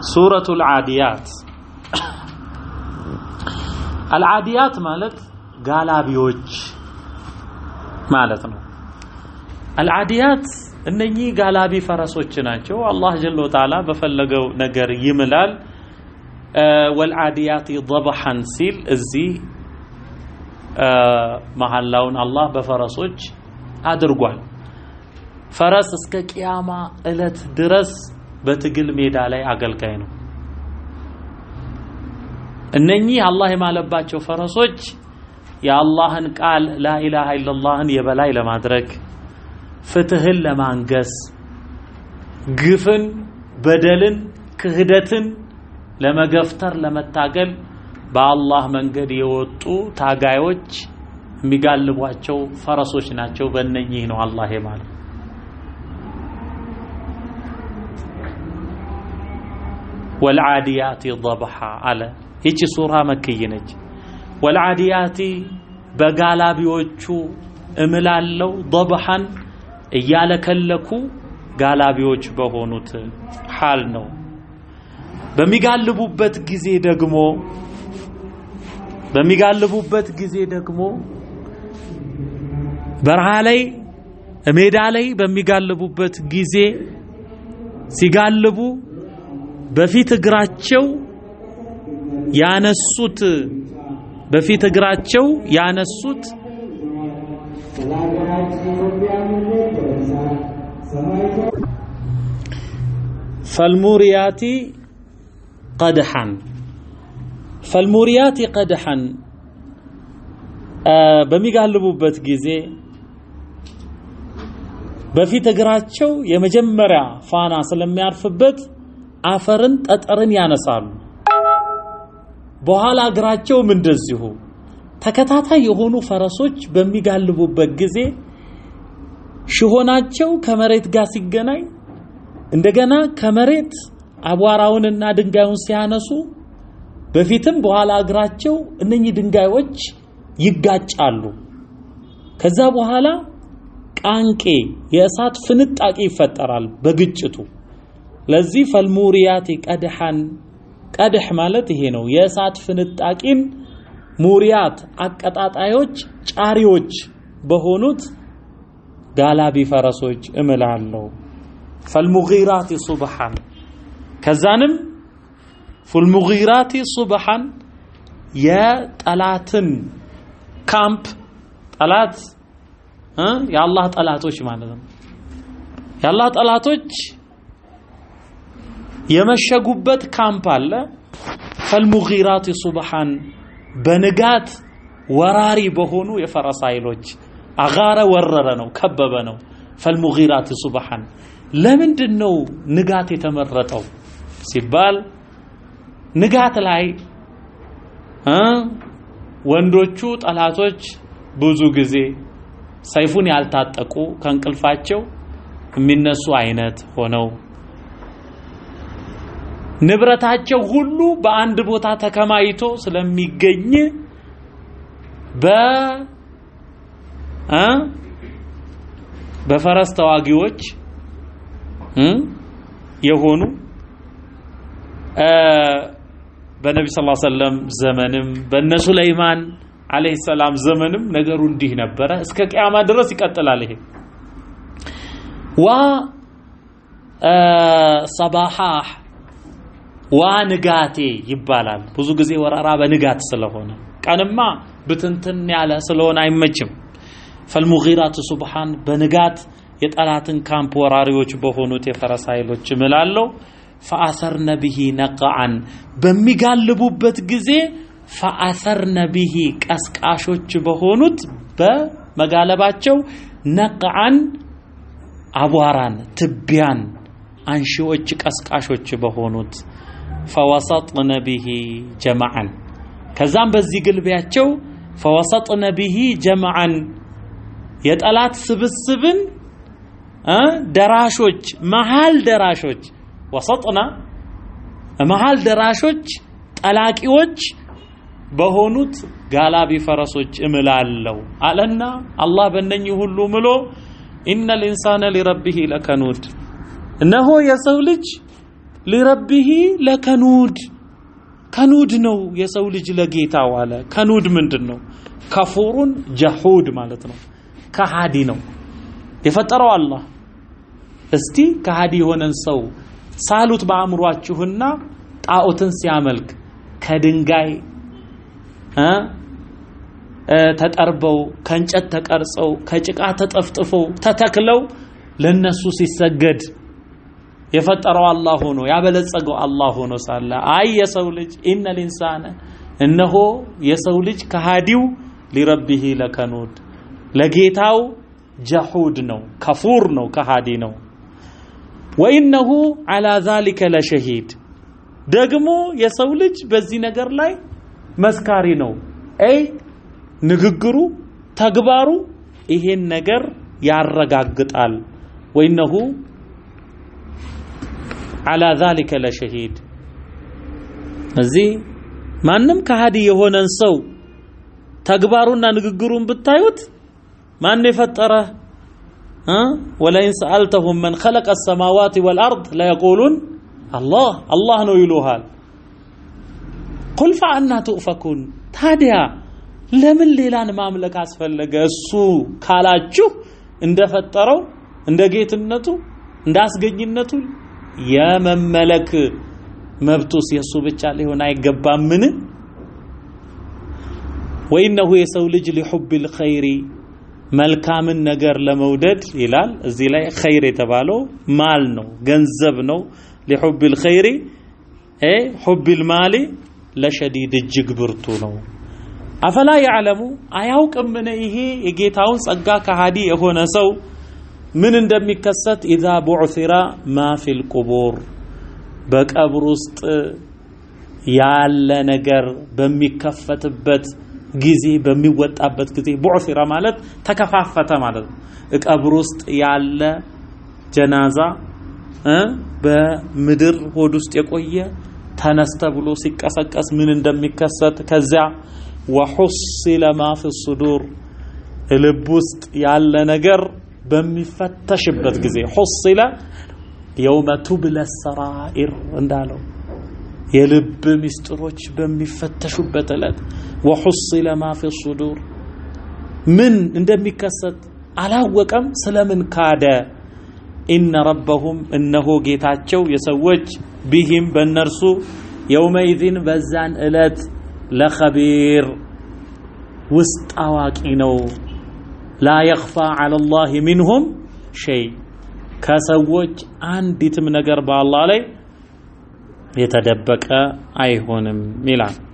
سورة العاديات العاديات مالت ጋላቢዎች ማለት ነው አልዓዲያት እነኚህ ጋላቢ ፈረሶች ናቸው አላህ ጀለ ተዓላ በፈለገው ነገር ይምላል ወልዓዲያት ضبحን ሲል እዚህ መሐላውን አላህ በፈረሶች አድርጓል ፈረስ እስከ ቅያማ እለት ድረስ በትግል ሜዳ ላይ አገልጋይ ነው። እነኚህ አላህ የማለባቸው ፈረሶች የአላህን ቃል ላኢላሃ ኢለላህን የበላይ ለማድረግ ፍትህን ለማንገስ ግፍን፣ በደልን፣ ክህደትን ለመገፍተር ለመታገል በአላህ መንገድ የወጡ ታጋዮች የሚጋልቧቸው ፈረሶች ናቸው። በእነኚህ ነው አላህ የማለ ወልዓዲያቲ ضብሓ አለ። ይቺ ሱራ መክይ ነች። ወልዓዲያቲ በጋላቢዎቹ እምላለው ضብሓን እያለከለኩ ጋላቢዎች በሆኑት ሐል ነው። በሚጋልቡበት ጊዜ ደግሞ በሚጋልቡበት ጊዜ ደግሞ በረሃ ላይ ሜዳ ላይ በሚጋልቡበት ጊዜ ሲጋልቡ በፊት እግራቸው ያነሱት በፊት እግራቸው ያነሱት ፈልሙሪያቲ ቀድሐን ፈልሙሪያቲ ቀድሐን በሚጋልቡበት ጊዜ በፊት እግራቸው የመጀመሪያ ፋና ስለሚያርፍበት አፈርን ጠጠርን ያነሳሉ። በኋላ እግራቸውም እንደዚሁ ተከታታይ የሆኑ ፈረሶች በሚጋልቡበት ጊዜ ሽሆናቸው ከመሬት ጋር ሲገናኝ እንደገና ከመሬት አቧራውንና ድንጋዩን ሲያነሱ በፊትም በኋላ እግራቸው እነኚህ ድንጋዮች ይጋጫሉ። ከዛ በኋላ ቃንቄ የእሳት ፍንጣቂ ይፈጠራል በግጭቱ። لذي فالمورياتي قدحان قدح مالتي هينو يسات فنتاكين موريات اكتات ايوج بهونوت قالا بي فرسوج املعنو فالمغيراتي صبحان كزانم فالمغيراتي صبحان يا تلاتن كامب تلات ها يا الله تلاتوش معنا يا الله تلاتوش የመሸጉበት ካምፕ አለ። ፈልሙጊራት ሱብሃን በንጋት ወራሪ በሆኑ የፈረስ ኃይሎች አጋረ ወረረ ነው፣ ከበበ ነው። ፈልሙጊራት ሱብሃን ለምንድን ነው ንጋት የተመረጠው ሲባል ንጋት ላይ ወንዶቹ ጠላቶች ብዙ ጊዜ ሰይፉን ያልታጠቁ ከእንቅልፋቸው የሚነሱ አይነት ሆነው ንብረታቸው ሁሉ በአንድ ቦታ ተከማይቶ ስለሚገኝ በ በፈረስ ተዋጊዎች የሆኑ በነቢ ስ ሰለም ዘመንም በነ ሱለይማን አለይሂ ሰላም ዘመንም ነገሩ እንዲህ ነበረ። እስከ ቅያማ ድረስ ይቀጥላል። ይሄ ዋ ሰባሃህ ዋ ንጋቴ ይባላል። ብዙ ጊዜ ወረራ በንጋት ስለሆነ ቀንማ ብትንትን ያለ ስለሆነ አይመችም። ፈልሙጊራቱ ሱብሃን በንጋት የጠላትን ካምፕ ወራሪዎች በሆኑት የፈረስ ኃይሎች እምላለው። ፈአሰርነ ቢሂ ነቅዓን በሚጋልቡበት ጊዜ ፈአሰርነ ቢሂ ቀስቃሾች በሆኑት በመጋለባቸው ነቅዓን አቧራን፣ ትቢያን፣ አንሺዎች ቀስቃሾች በሆኑት ፈወሰጥነ ቢሂ ጀማዓን ከዛም በዚህ ግልቢያቸው ፈወሰጥነ ቢሂ ጀማዓን የጠላት ስብስብን ደራሾች መሃል ደራሾች ወሰጥና መሃል ደራሾች ጠላቂዎች በሆኑት ጋላቢ ፈረሶች እምላለው አለና አላህ በእነኚህ ሁሉ ምሎ ኢነል ኢንሳነ ሊረቢሂ ለከኑድ እነሆ የሰው ልጅ ሊረቢሂ ለከኑድ ከኑድ ነው የሰው ልጅ ለጌታው አለ። ከኑድ ምንድን ነው? ከፉሩን ጀሁድ ማለት ነው። ከሃዲ ነው የፈጠረው አላህ። እስቲ ከሃዲ የሆነን ሰው ሳሉት በአእምሯችሁና ጣዖትን ሲያመልክ ከድንጋይ ተጠርበው ከእንጨት ተቀርጸው ከጭቃ ተጠፍጥፈው ተተክለው ለነሱ ሲሰገድ የፈጠረው አላህ ሆኖ ያበለጸገው አላህ ሆኖ ሳለ አይ የሰው ልጅ ኢነል ኢንሳነ እነሆ የሰው ልጅ ከሃዲው ሊረቢሂ ለከኑድ ለጌታው ጀሁድ ነው፣ ከፉር ነው፣ ከሃዲ ነው። ወኢነሁ አላ ዛሊከ ለሸሂድ ደግሞ የሰው ልጅ በዚህ ነገር ላይ መስካሪ ነው። አይ ንግግሩ፣ ተግባሩ ይሄን ነገር ያረጋግጣል። ወኢነሁ አላ ዛሊከ ለሸሂድ እዚህ ማንም ከሃዲ የሆነን ሰው ተግባሩና ንግግሩን ብታዩት ማን የፈጠረ ወለኢን ሰአልተሁም መን ኸለቀ ሰማዋት ወልአርድ ለየቁሉን አላህ አላህ ነው ይሉሃል። ቁል ፈአና ቱእፈኩን ታዲያ ለምን ሌላን ማምለክ አስፈለገ? እሱ ካላችሁ እንደፈጠረው እንደ ጌትነቱ እንደ አስገኝነቱ የመመለክ መብቱስ የእሱ ብቻ ሊሆን አይገባምን? ወኢነሁ የሰው ልጅ ሊሑብል ኸይሪ መልካምን ነገር ለመውደድ ይላል። እዚህ ላይ ኸይር የተባለው ማል ነው፣ ገንዘብ ነው። ሊሑብል ኸይሪ ሑብል ማሊ ለሸዲድ እጅግ ብርቱ ነው። አፈላ ያዕለሙ አያውቅምን? ይሄ የጌታውን ጸጋ ከሃዲ የሆነ ሰው ምን እንደሚከሰት ኢዛ ቡዕሲራ ማ ፊል ቁቡር በቀብር ውስጥ ያለ ነገር በሚከፈትበት ጊዜ በሚወጣበት ጊዜ ቡዕሲራ ማለት ተከፋፈተ ማለት ነው። ቀብር ውስጥ ያለ ጀናዛ በምድር ሆድ ውስጥ የቆየ ተነስ ተብሎ ሲቀሰቀስ ምን እንደሚከሰት ከዚያ ወሑሲለ ማ ፊ ሱዱር ልብ ውስጥ ያለ ነገር በሚፈተሽበት ጊዜ ሑስለ የውመ ቱብለ ሰራኢር እንዳለው የልብ ምስጢሮች በሚፈተሹበት ዕለት ወሑስለ ማ ፊ ሱዱር ምን እንደሚከሰት አላወቀም ስለምን ካደ ኢነ ረበሁም እነሆ ጌታቸው የሰዎች ቢሂም በእነርሱ የውመይዚን በዛን ዕለት ለኸቢር ውስጥ አዋቂ ነው ላ የኽፋ ዐለላህ ሚንሁም ሸይ ከሰዎች አንዲትም ነገር በአላህ ላይ የተደበቀ አይሆንም ይላል።